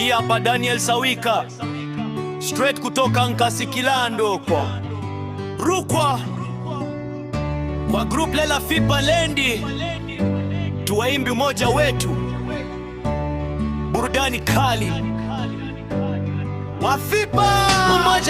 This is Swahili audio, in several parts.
Hii hapa Daniel Sawika straight kutoka Nkasikilando kwa Rukwa kwa group lela Fipa Lendi, tuwaimbi umoja wetu, burudani kali wa umoja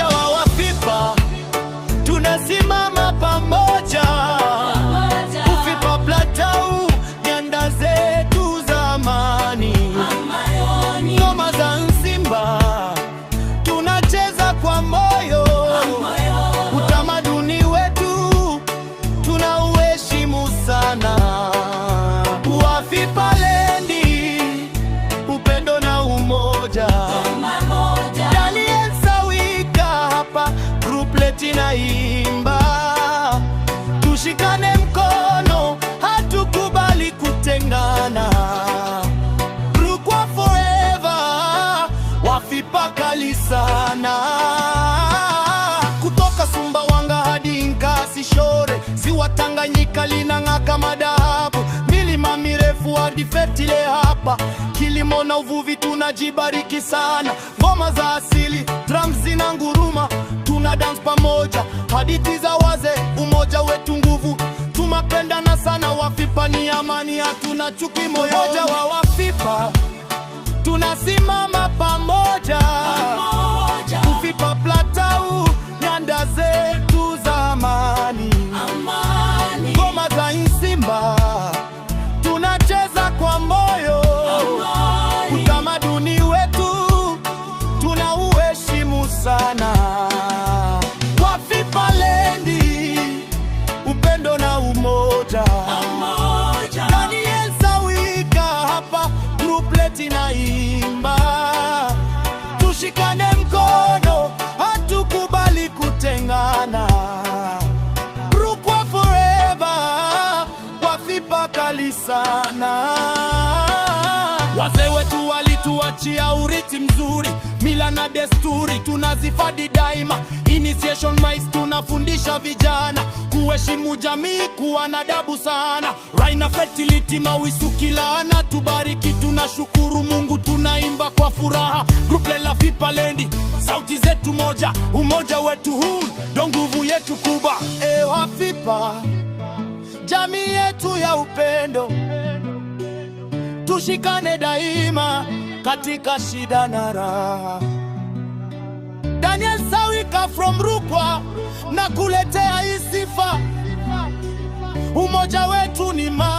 fertile hapa. Kilimo na uvuvi tunajibariki sana, ngoma za asili, drums zina nguruma, tuna dance pamoja, hadithi za wazee, umoja wetu nguvu, tumapendana sana. Wafipa ni amani, hatuna chuki moyoni, umoja wa Wafipa tunasimama pamoja. wakati naimba, tushikane mkono, hatukubali kutengana. Rukwa forever, fipa kali sana nchi ya urithi mzuri, mila na desturi tunazifadi daima. Initiation Mice tunafundisha vijana kuheshimu jamii, kuwa na adabu sana. Raina Fertility Mawisu kilana, tubariki, tunashukuru Mungu, tunaimba kwa furaha. Gruple la Lendi, sauti zetu moja, umoja wetu huu ndo nguvu yetu kubwa. Ewa Fipa, jamii yetu ya upendo, tushikane daima katika shida na raha. Daniel Sawika from Rukwa na kuletea hii sifa, umoja wetu ni ma